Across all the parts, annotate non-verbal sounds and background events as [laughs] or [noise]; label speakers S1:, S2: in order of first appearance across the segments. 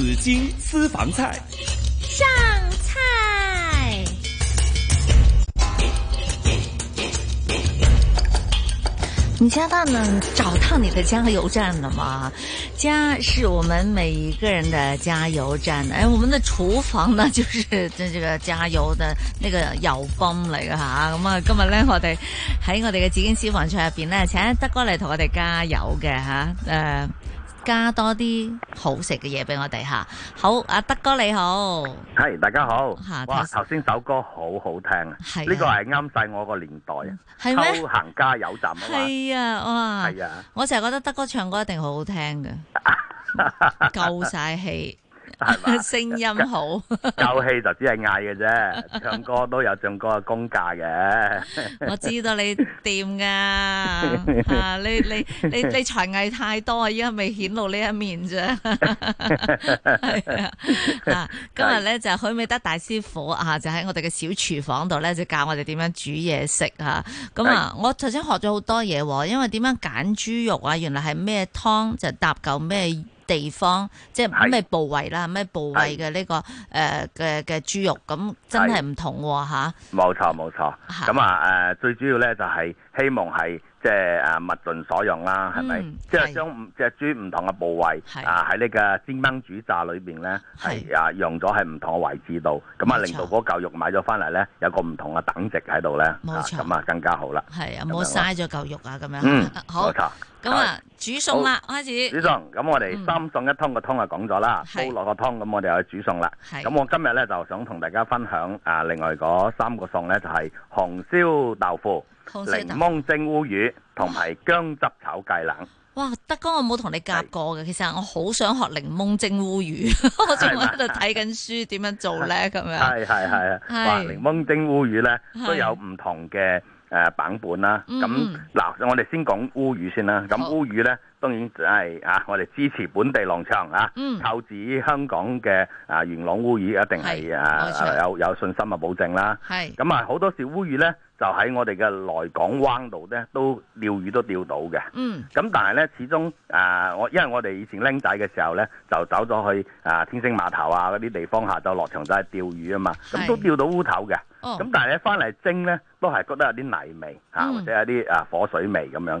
S1: 紫金私房菜
S2: 上
S3: 菜。你家大呢找到你的加油站了嗎？家是我們每一個人的加油站。哎，我們的廚房呢就是這這個加油的那個油泵嚟嘅。哈。咁啊，今日咧我哋喺我哋嘅紫金私房菜入邊咧，請德哥嚟同我哋加油嘅哈，誒、啊。加多啲好食嘅嘢俾我哋吓，好，阿德哥你好，
S1: 係、hey，大家好。啊、哇，頭先首歌好好聽啊，呢個係啱晒我個年代啊，係咪行加油站啊嘛。係
S3: 啊，哇，係啊，我成日覺得德哥唱歌一定好好聽嘅，夠晒氣。聲音好，
S1: 夠氣就只係嗌嘅啫，唱歌都有唱歌嘅功價嘅。我知
S3: 道你掂噶，啊，你你你你才藝太多，而家未顯露呢一面啫。
S2: 係啊，
S3: 今日咧就許美德大師傅啊，就喺我哋嘅小廚房度咧，就教我哋點樣煮嘢食啊。咁啊，我頭先學咗好多嘢，因為點樣揀豬肉啊，原來係咩湯就搭夠咩。地方即係咩部位啦，咩是部位嘅呢、個誒嘅嘅豬肉，咁真係唔同吓、
S1: 啊，冇錯冇錯。咁啊誒最主要咧就係希望係。即係啊，物盡所用啦，係咪？即係將五隻豬唔同嘅部位啊，喺呢個煎炆煮炸裏邊咧，係啊用咗喺唔同嘅位置度，咁啊，令到嗰嚿肉買咗翻嚟咧，有個唔同嘅等值喺度咧，咁啊更加好啦。係
S3: 啊，冇嘥咗
S1: 嚿肉啊，咁樣。嗯，好。
S3: 咁啊，煮餸啦，開始。煮
S1: 餸。咁我哋三餸一湯個湯啊講咗啦，煲落個湯，咁我哋去煮餸啦。咁我今日咧就想同大家分享啊，另外嗰三個餸咧就係紅燒豆腐，檸檬蒸烏魚同埋薑汁炒芥蘭哇，
S3: 德哥我冇同你夾過嘅，是其實我好想學檸檬蒸烏魚，嗎 [laughs] 我仲喺度睇緊書點嗎樣做咧咁樣。係係係，話檸是
S1: 檬蒸烏魚咧都有唔同嘅誒版本啦。咁嗱，我哋先講烏魚先啦。咁烏好魚咧。當然就係啊！我哋支持本地農場啊，靠住香港嘅啊元朗烏魚一定係啊有有信心嘅保證啦。係咁啊，好多時烏魚咧就喺我哋嘅內港灣度咧都釣魚都釣到嘅。嗯，咁但係咧始終啊，我因為我哋以前拎仔嘅時候咧，就走咗去啊天星碼頭啊嗰啲地方下晝落場都係釣魚啊嘛，咁都釣到烏頭嘅。哦，咁但係一翻嚟蒸咧，都係覺得有啲泥味啊，或者有啲啊火水味咁樣。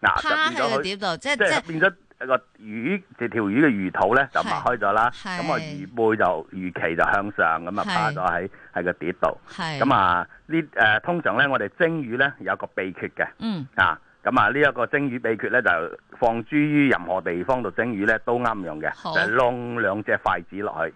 S1: 嗱，變咗佢點度，即係即係變咗一個魚，條即魚嘅魚肚咧就擘開咗啦，咁啊是魚背就魚鰭就向上咁啊，趴咗喺喺個碟度，咁啊呢誒通常咧我哋蒸魚咧有一個秘訣嘅，嗯、啊咁啊呢一、這個蒸魚秘訣咧就放諸於任何地方度蒸魚咧都啱用嘅，就窿兩隻筷子落去。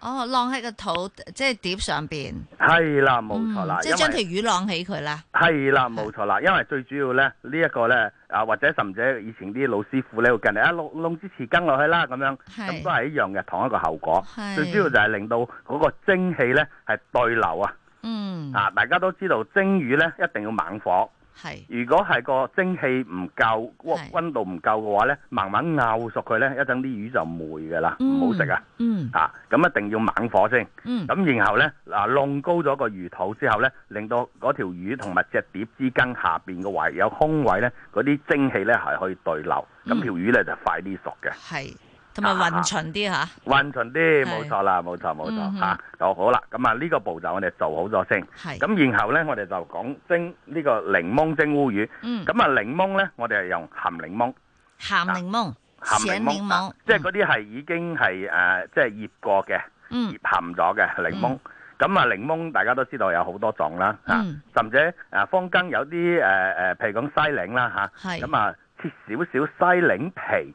S3: 哦，晾喺個肚即係碟上邊，係啦，冇錯啦，即係將條魚晾起佢啦，係
S1: 啦、嗯，冇錯啦，因為最主要咧呢一、這個咧啊或者甚至以前啲老師傅咧會教你一弄落支匙羹落去啦，咁樣咁都係一樣嘅，同一個後果，係最主要就係令到嗰個蒸氣咧係對流啊，嗯啊，大家都知道蒸魚咧一定要猛火。係，是如果係個蒸汽，唔夠，温是度唔夠嘅話咧，慢慢拗熟佢咧，一陣啲魚就霉嘅啦，唔、嗯、好食啊！嗯，啊，咁一定要猛火先。嗯，咁然後咧嗱，弄高咗個魚肚之後咧，令到嗰條魚同埋隻碟之間下邊個位有空位咧，嗰啲蒸汽咧係可以對流，咁條、嗯、魚咧就快啲熟嘅。係、嗯。
S3: 咁啊，
S1: 混馴啲嚇，混馴啲冇錯啦，冇錯冇錯嚇，就好啦。咁啊，呢個步驟我哋做好咗先。係。咁然後咧，我哋就講蒸呢個檸檬蒸烏魚。嗯。咁啊，檸檬咧，我哋係用鹹檸檬。鹹檸檬。
S3: 鹹檸檬。鹹
S1: 檸檬。即係嗰啲係已經係誒，即係醃過嘅，醃鹹咗嘅檸檬。咁啊，檸檬大家都知道有好多種啦。嗯。甚至誒，坊間有啲誒誒，譬如講西檸啦嚇。係。咁啊，切少少西檸皮。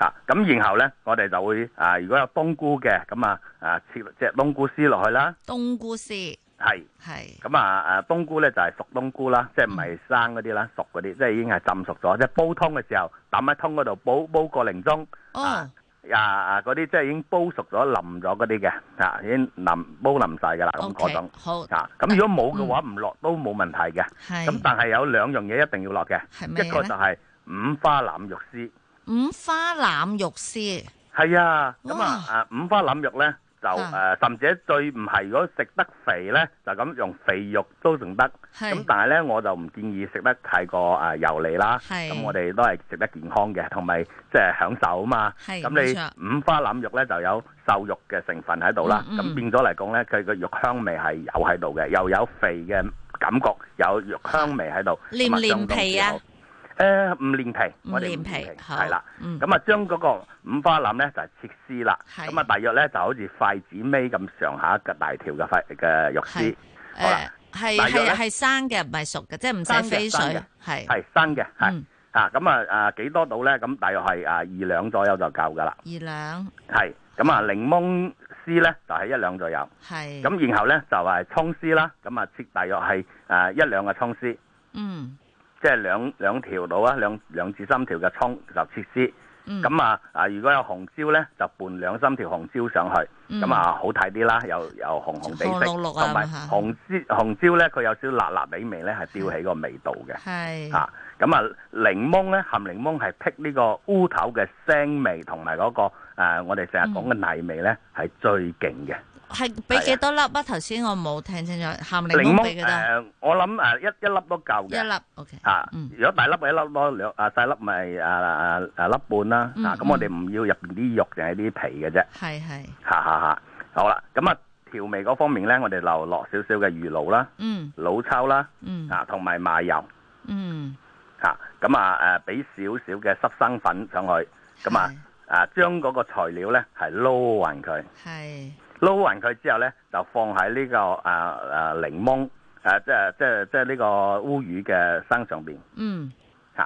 S1: 啊，咁然後咧，我哋就會啊，如果有冬菇嘅，咁啊啊切隻冬菇絲落去啦。
S3: 冬菇絲
S1: 係係咁啊，啊冬菇咧就係熟冬菇啦，即係唔係生嗰啲啦，熟嗰啲，即係已經係浸熟咗，即係煲湯嘅時候抌喺湯嗰度煲煲個零鐘。哦，啊啊嗰啲即係已經煲熟咗，腍咗嗰啲嘅，啊已經腍煲腍晒㗎喇，咁嗰種。好。啊，咁如果冇嘅話唔落都冇問題嘅。係。咁但係有兩樣嘢一定要落嘅，一個就係五花腩肉絲。五花腩肉絲係啊，咁啊，誒，五花腩肉咧，就誒，甚至最唔係，如果食得肥咧，就咁用肥肉都仲得。咁但係咧，我就唔建議食得太過誒油膩啦。咁我哋都係食得健康嘅，同埋即係享受啊嘛。咁你五花腩肉咧就有瘦肉嘅成分喺度啦。咁變咗嚟講咧，佢個肉香味係有喺度嘅，又有肥嘅感覺，有肉香味喺度。練唔練皮啊？誒，五蓮皮，五蓮皮，係啦，咁啊將嗰個五花腩咧就切絲啦，咁啊大約咧就好似筷子尾咁上下嘅大條嘅塊嘅肉絲。誒，係係係
S3: 生嘅，唔係熟嘅，即係唔使飛水。
S1: 係係生嘅，吓吓，咁啊啊幾多度咧？咁大約係啊二兩左右就夠噶啦。二兩。係，咁啊檸檬絲咧就係一兩左右。係。咁然後咧就係蔥絲啦，咁啊切大約係誒一兩嘅蔥絲。
S2: 嗯。
S1: 即係兩兩條路啊，兩兩至三條嘅蔥就切絲。咁啊、嗯、啊，如果有紅椒咧，就拌兩三條紅椒上去，咁、嗯、啊好睇啲啦。又又紅紅哋色，同埋紅椒紅椒咧，佢有少少辣辣味味咧，係吊起個味道嘅。係是啊，咁啊檸檬咧，含檸檬係辟呢個烏頭嘅腥味，同埋嗰個誒、呃，我哋成日講嘅泥味咧，係、嗯、最勁嘅。
S3: 係俾幾多粒啊？頭先我冇聽清楚，鹹檸
S1: 檬俾幾多？誒，我諗誒，一一粒都夠嘅。一粒，OK。吓，如果大粒咪一粒咯，兩啊細粒咪啊啊啊粒半啦。啊，咁我哋唔要入邊啲肉定係啲皮嘅啫。係係。吓吓吓，好啦，咁啊，調味嗰方面咧，我哋留落少少嘅魚露啦，
S2: 嗯，老
S1: 抽啦，嗯，啊，同埋麻油，嗯，吓，咁啊，誒，俾少少嘅濕生粉上去，咁啊，啊，將嗰個材料咧係撈勻佢。係。撈勻佢之後呢，就放喺呢、這個誒誒檸檬誒、啊，即係即係即係呢個烏魚嘅身上邊。嗯，吓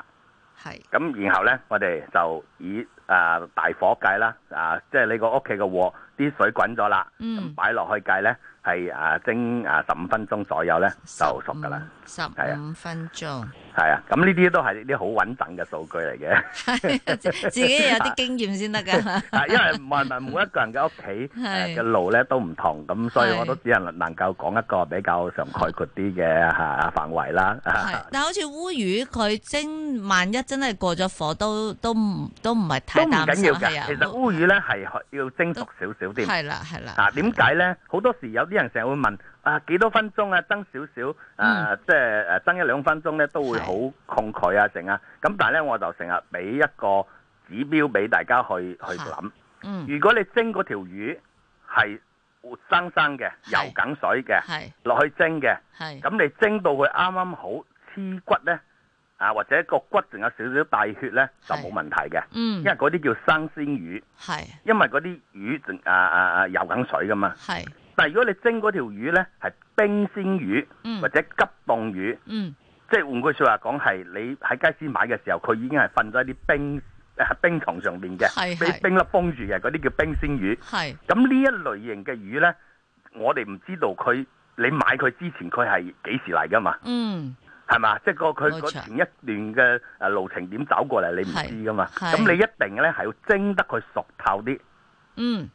S1: 係、啊。咁是然後呢，我哋就以誒、啊、大火計啦，啊，即係你個屋企嘅鑊啲水滾咗啦，咁擺落去計呢，係啊蒸啊十五分鐘左右呢，就熟噶啦，
S3: 十五分鐘。
S1: 係啊，咁呢啲都係啲好穩陣嘅數據嚟嘅， [laughs] [laughs] 自己有啲
S3: 經驗先得噶。
S1: 啊， [laughs] 因為唔係唔係每一個人嘅屋企嘅路咧都唔同，咁 [laughs] 是所以我都只能能夠講一個比較常概括啲嘅嚇範圍啦。係， [laughs]
S3: 但係好似烏魚佢蒸，萬一真係過咗火，都都都唔係太緊要嘅。啊、其實
S1: 烏魚咧係要蒸熟少少啲。係啦係啦。嗱，點解咧？好多時有啲人成日會問，啊，幾多分鐘啊？增少少，誒，即係誒，增一兩分鐘咧，都會好抗拒啊，成啊。咁但係咧，我就成日俾一個指標俾大家去去諗。嗯，如果你蒸嗰條魚係活生生嘅、游緊水嘅，係落去蒸嘅，係咁你蒸到佢啱啱好黐骨咧，啊或者個骨仲有少少帶血咧，就冇問題嘅。嗯，因為嗰啲叫生鮮魚。係。因為嗰啲魚仲啊啊啊游緊水噶嘛。係。但係如果你蒸嗰條魚呢，係冰鮮魚或者急凍魚，嗯，即係換句說話講，係你喺街市買嘅時候，佢已經係瞓咗喺啲冰冰床上面嘅，是是被冰粒封住嘅，嗰啲叫冰鮮魚。係咁呢一類型嘅魚呢，我哋唔知道佢，你買佢之前，佢係幾時嚟噶嘛？
S2: 嗯，
S1: 係嘛？即係個佢佢前一段嘅誒路程點走過嚟，你唔知噶嘛？咁你一定呢，係要蒸得佢熟透啲。嗯。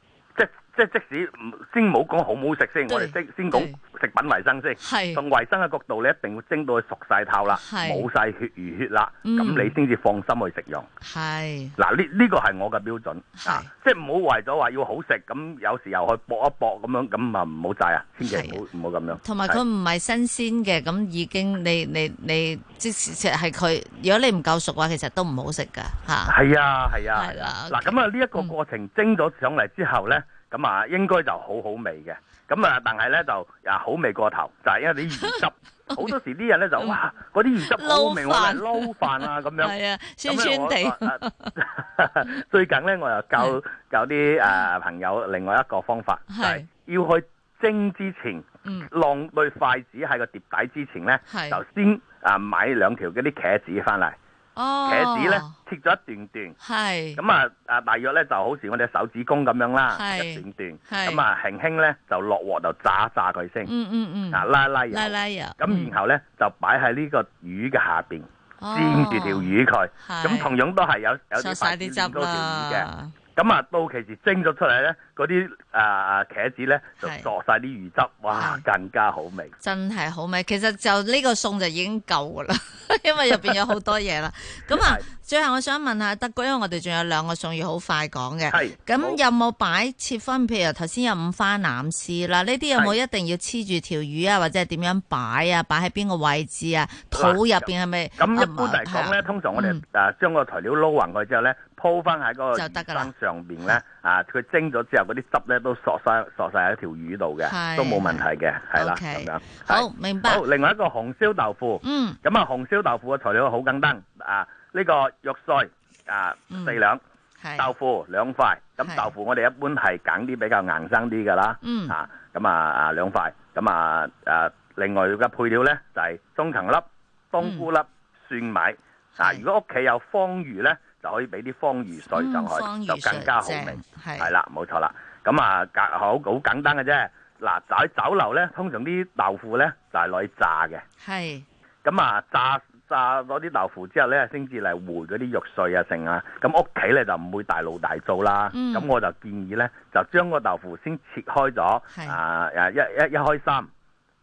S1: 即係即使唔先唔好講好唔好食先，我哋先先講食品衞生先。係從衞生嘅角度，你一定要蒸到佢熟曬透啦，冇曬血魚血啦，咁你先至放心去食用。
S2: 係。
S1: 嗱，呢呢個係我嘅標準啊！即係唔好為咗話要好食，咁有時候又去搏一搏咁樣，咁啊唔好曬啊，千祈唔好唔好咁樣。同埋佢唔
S3: 係新鮮嘅，咁已經你你你，即係其實係佢，如果你唔夠熟話嘅，其實都唔好食㗎嚇。係
S1: 啊係啊，嗱咁啊呢一個過程蒸咗上嚟之後咧。咁啊，應該就好好味嘅。咁啊，但係咧就啊好味過頭，就係、是、因為啲魚汁，好 [laughs] 多時啲人咧就話嗰啲魚汁好味，我哋、 [laughs] 嗯、撈飯啊咁樣。係 [laughs] 啊，酸酸地。 [laughs] 最近咧，我又 [laughs] 教教啲誒朋友另外一個方法，係 [laughs] 要去蒸之前，晾對 [laughs] 筷子喺個碟底之前咧，就先啊買兩條嗰啲茄子翻嚟。茄子咧切咗一段段，咁啊啊，大約咧就好似我哋手指公咁樣啦，一段段，咁啊輕輕咧就落鑊度炸炸佢先，嗱拉拉油，咁然後咧就擺喺呢個魚嘅下邊，煎住條魚佢，咁同樣都係有有啲白椒煎嗰條魚嘅。咁啊，嗯、到期時蒸咗出嚟咧，嗰啲啊茄子咧就作晒啲魚汁，是哇，更加好味！
S3: 真係好味。其實就呢個餸就已經夠㗎啦，因為入邊有好多嘢啦。咁啊，最後我想問下德哥，因為我哋仲有兩個餸要好快講嘅。係是。咁有冇擺切分？譬如頭先有五花腩絲啦，呢啲有冇一定要黐住條魚啊，或者係點樣擺啊？擺喺邊個位置是是啊？肚入邊係咪？咁一般嚟講咧，通常我哋
S1: 誒將個材料撈勻佢之後咧。鋪翻喺嗰個魚身上邊咧，啊，佢蒸咗之後，嗰啲汁咧都索晒索曬喺條魚度嘅，都冇問題嘅，係啦咁樣。好明白。好，另外一個紅燒豆腐。嗯。咁啊，紅燒豆腐嘅材料好簡單，啊，呢個肉碎，啊，四兩。係。豆腐兩塊，咁豆腐我哋一般係揀啲比較硬身啲嘅啦。嗯。啊，咁啊啊兩塊，咁啊誒，另外嘅配料咧就係中芹粒、冬菇粒、蒜米。啊，如果屋企有方魚咧，就可以俾啲方魚碎上去，嗯、就更加好味。係啦，冇錯啦。咁啊，隔好好簡單嘅啫。嗱，喺酒樓咧，通常啲豆腐咧就係、是、攞去炸嘅。係是。咁啊，炸炸咗啲豆腐之後咧，先至嚟回嗰啲肉碎啊，剩啊。咁屋企咧就唔會大爐大灶啦。咁、嗯、我就建議咧，就將個豆腐先切開咗。係是。啊！一一一,一,一開三。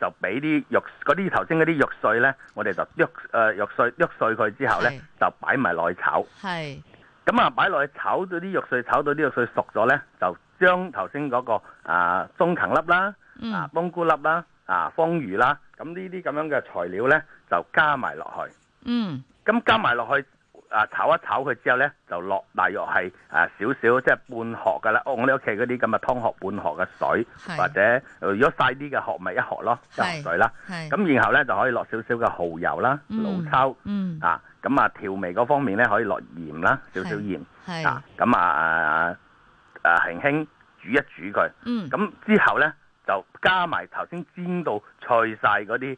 S1: 就俾啲肉嗰啲頭先嗰啲肉碎咧，我哋就喐誒、呃、肉碎剁碎佢之後咧，就擺埋落去炒。
S2: 係
S1: 是。咁啊，擺落去炒到啲肉碎，炒到啲肉碎熟咗咧，就將頭先嗰個啊中芹粒啦、嗯、啊冬菇粒啦、啊方魚啦，咁呢啲咁樣嘅材料咧就加埋落去。嗯。咁
S2: 加
S1: 埋落去。啊炒一炒佢之後呢是，就落大約係啊少少，即係半殼噶啦。我我哋屋企嗰啲咁嘅湯殼半殼嘅水，或者如果細啲嘅殼咪一殼咯，汁水啦。係咁然後呢，就可以落少少嘅蠔油啦、老抽。嗯啊咁啊調味嗰方面呢，可以落鹽啦，少少鹽。係啊咁啊啊輕輕煮一煮佢。嗯，咁之後呢，就加埋頭先煎到脆晒嗰啲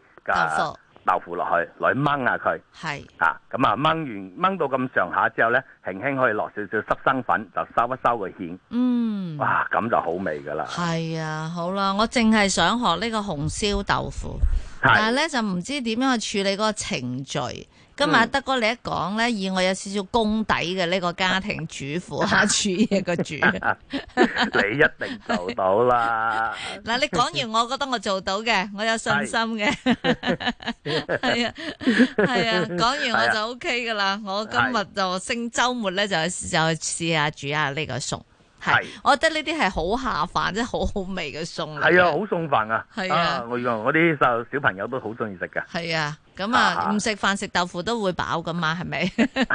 S1: 豆腐落去，來炆下佢，係啊，咁啊炆完炆到咁上下之後呢，輕輕可以落少少濕生粉，就收一收個芡，嗯，哇，咁就好味噶啦。
S3: 係啊，好啦，我淨係想學呢個紅燒豆腐。但係咧就唔知點樣去處理嗰個程序。今日、啊、德哥你一講咧，以我有少少功底嘅呢個家庭主婦啊，煮嘢個煮，
S1: [laughs] [laughs] 你一定做到啦。嗱， [laughs] 你講完
S3: 我覺得我做到嘅，我有信心嘅。係 [laughs] [laughs] 啊，係啊，講完我就 O K 噶啦。我今日就星周末咧就就試
S1: 下煮下呢個餸。係，
S3: 我覺得呢啲係好下飯，即係好好味嘅餸嚟。係啊，好
S1: 送飯啊！係啊，我我啲細小朋友都好中意食噶。
S3: 係啊，咁啊唔食飯食豆腐都會飽噶嘛，係咪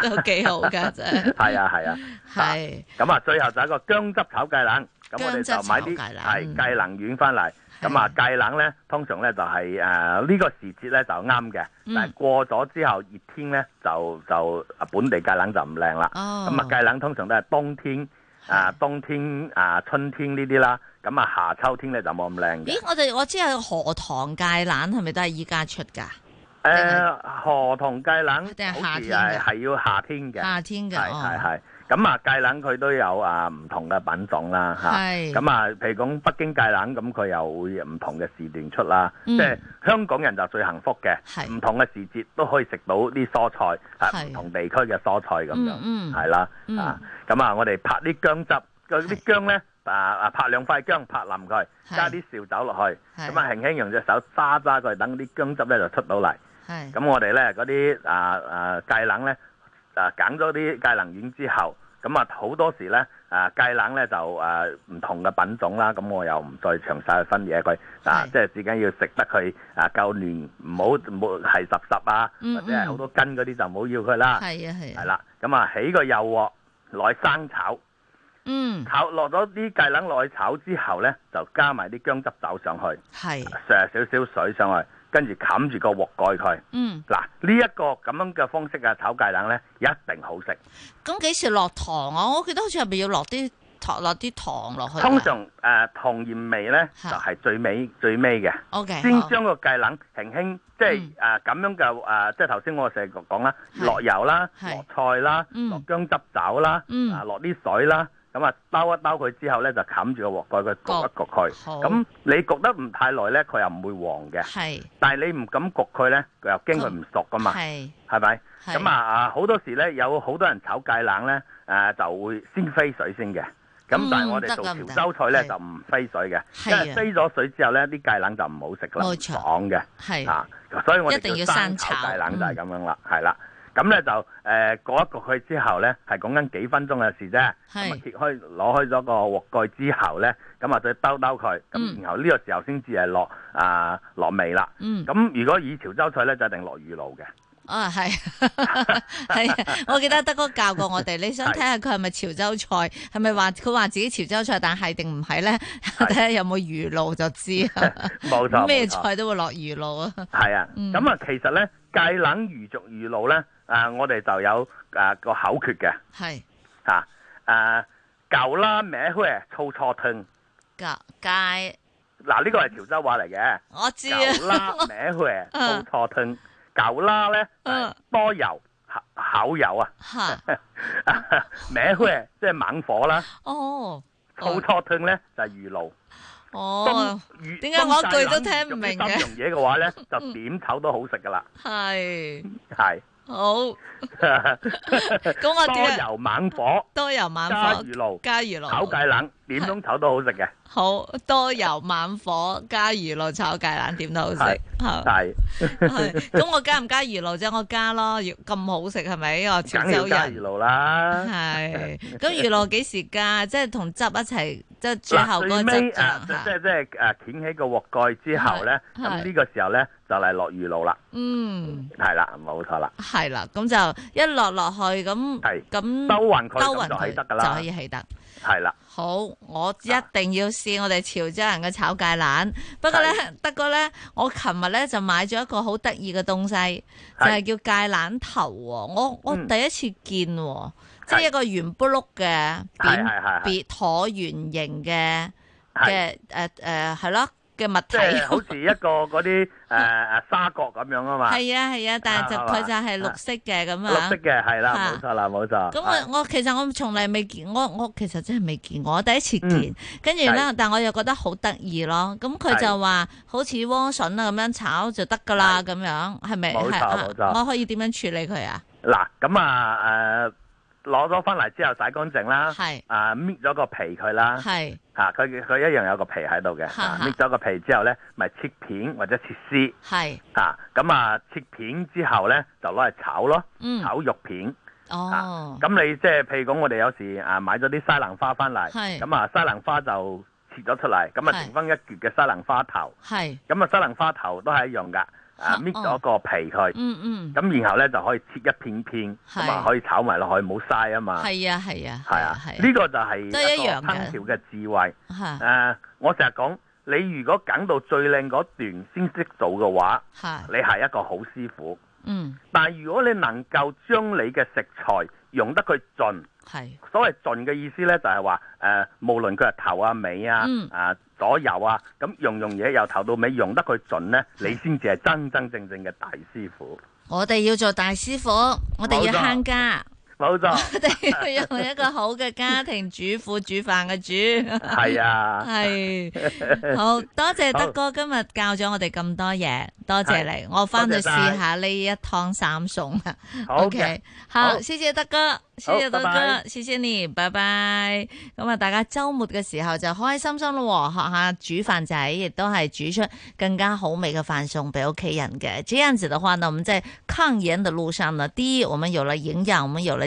S3: 都幾好噶？真係。係啊，係啊，係。
S1: 咁啊，最後就係一個姜汁炒芥蘭，咁我哋就買啲係芥蘭丸翻嚟。咁啊，芥蘭咧通常咧就係誒呢個時節咧就啱嘅，但係過咗之後熱天咧就就本地芥蘭就唔靚啦。哦。咁啊，芥蘭通常都係冬天。啊，冬天啊，春天呢啲啦，咁啊夏秋天咧就冇咁靚嘅。咦，
S3: 我哋我知係荷塘芥蘭，係咪都係依家出噶？
S1: 誒，荷塘芥蘭，好似係係要夏天嘅，夏天嘅，係係係。是哦咁啊，芥蘭佢都有啊，唔同嘅品種啦嚇。咁啊，譬如講北京芥蘭，咁佢又會唔同嘅時段出啦。即係香港人就最幸福嘅，唔同嘅時節都可以食到啲蔬菜，係唔同地區嘅蔬菜咁樣，係啦。啊，咁啊，我哋拍啲薑汁，嗰啲薑咧啊啊，拍兩塊薑，拍腍佢，加啲紹酒落去，咁啊輕輕用隻手揸揸佢，等啲薑汁咧就出到嚟。咁我哋咧嗰啲啊啊芥蘭咧。啊，揀咗啲芥蘭丸之後，咁啊好多時咧，啊芥蘭咧就誒唔、啊、同嘅品種啦，咁、啊、我又唔再詳細去分嘢佢，啊即係至緊要食得佢啊夠嫩，唔好冇係濕濕啊，或者係好多筋嗰啲就唔好要佢啦。係啊係。係啦，咁啊起個油鑊，攞生炒，嗯，炒落咗啲芥蘭落去炒之後咧，就加埋啲薑汁酒上去，係是，成、啊、少，少，少少水上去。跟住冚住個鑊蓋佢。嗯。嗱，呢一個咁樣嘅方式啊，炒芥蘭咧一定好食。
S3: 咁幾時落糖啊？我記得好似係咪要落啲
S1: 糖，落啲糖落去。通常誒糖鹽味咧就係最尾最尾嘅。O K。先將個芥蘭輕輕，即係誒咁樣嘅誒，即係頭先我成日講啦，落油啦，落菜啦，落薑汁酒啦，啊落啲水啦。咁啊，兜一兜佢之後咧，就冚住個鑊蓋佢焗一焗佢。好。咁你焗得唔太耐咧，佢又唔會黃嘅。係。但係你唔敢焗佢咧，佢又驚佢唔熟噶嘛。係。係咪？係。咁啊好多時咧，有好多人炒芥蘭咧，誒就會先飛水先嘅。咁，但係我哋做潮州菜咧就唔飛水嘅，因為飛咗水之後咧，啲芥蘭就唔好食啦，爽嘅。係。嚇，所以我哋就生炒芥蘭就係咁樣啦，係啦。咁咧、 [music] 嗯、就誒焗一焗去之後咧，係講緊幾分鐘嘅事啫。咁啊是揭開攞開咗個鍋蓋之後咧，咁啊再兜兜佢，咁然後呢個時候先至係落啊落味啦。咁、嗯、如果以潮州菜咧，就一定落魚露嘅。
S3: 啊，係。係。 [laughs] 我記得德哥教過我哋，你想睇下佢係咪潮州菜，係咪話佢話自己潮州菜，但係定唔係咧？睇 [laughs] 下有冇魚露就知。冇錯冇錯。咩錯菜都會落魚露啊？係、
S1: 嗯、啊。咁啊、嗯，嗯、其實咧，芥冷魚，魚族魚露咧。嗯啊！我哋就有啊個口訣嘅，係吓啊，舊啦咩去粗錯聽，隔街嗱呢個係潮州話嚟嘅，
S3: 我知啊，舊啦
S1: 咩去粗錯聽，舊啦咧多油口油啊，吓咩去即係猛火啦，哦，粗錯聽咧就係魚露，哦，點解我一句都聽唔明嘅？嘢嘅話咧就點炒都好食噶啦，係係。好，咁我點啊？多油猛火， [laughs]
S3: 多油猛火，加魚
S1: 露，加魚露，炒芥蘭。點都炒都好食嘅，
S3: 好多油猛火加魚露炒芥蘭，點都好食。係係，咁我加唔加魚露？即係我加咯，咁好食係咪？我潮州人梗係加魚露啦。
S1: 係咁魚
S3: 露幾時加？即係同汁一齊，即係最後個汁。最尾啊，即係即
S1: 係誒，掀起個鑊蓋之後咧，咁呢個時候咧就嚟落魚露啦。嗯，係啦，冇錯啦。
S3: 係啦，咁就一落落去咁，咁兜匀佢，兜匀佢就可以得噶啦。就可以係得係啦。好，我一定要試我哋潮州人嘅炒芥蘭。不過咧，是德哥咧，我琴日咧就買咗一個好得意嘅東西，是就係叫芥蘭頭、哦、我、嗯、我第一次見、哦，即係一個圓卜碌嘅扁扁橢圓形嘅嘅誒誒，係咯。呃呃嘅物體，即係好
S1: 似一個嗰啲誒誒沙角咁樣啊嘛，係啊係啊，但係就佢就係綠
S3: 色嘅咁啊，綠色嘅係啦，冇錯
S1: 啦，冇錯。咁我
S3: 我其實我從嚟未見，我我其實真係未見，我第一次見，跟住咧，但我又覺得好得意咯。咁佢就話好似萵筍啊咁樣炒就得噶啦，咁樣係咪？冇錯冇錯。我可以點樣處理佢啊？
S1: 嗱，咁啊誒，攞咗翻嚟之後洗乾淨啦，係啊搣咗個皮佢啦，係。啊！佢佢一樣有一個皮喺度嘅，的啊搣咗個皮之後咧，咪、就是、切片或者切絲。係的。啊，咁啊，切片之後咧，就攞嚟炒咯，嗯、炒肉片。哦。咁、啊、你即係譬如講，我哋有時啊買咗啲西蘭花翻嚟，咁的啊西蘭花就切咗出嚟，咁啊的剩翻一截嘅西蘭花頭。係的。咁啊，西蘭花頭都係一樣噶。搣咗、啊、個皮佢，咁、嗯嗯、然後呢就可以切一片片，咁啊可以炒埋落去，冇嘥啊嘛。係
S3: 啊，係啊，係啊，
S1: 呢、啊、個就係烹調嘅智慧。誒、啊，啊、我成日講，你如果揀到最靚嗰段先識做嘅話，啊、你係一個好師傅。嗯，但係如果你能夠將你嘅食材，用得佢盡，係是所謂盡嘅意思呢，就係話誒，無論佢係頭啊、尾啊、啊、mm. 左右啊，咁樣樣嘢由頭到尾用得佢盡呢，你先至係真真正正嘅大師傅。我哋
S3: 要做大師傅，我哋要慳家。我哋要用一個好嘅家庭主婦煮飯嘅煮，係啊，係，好多謝德哥今日教咗我哋咁多嘢，多謝你，我翻去試下呢一湯三餸啊，OK，好，謝謝德哥，謝謝德哥，謝謝你，拜拜。咁啊，大家周末嘅時候就開開心心咯，學下煮飯仔，亦都係煮出更加好味嘅飯餸俾屋企人嘅。這樣子嘅話呢，我們在抗炎的路上呢，第一，我們有了營養，我們有了。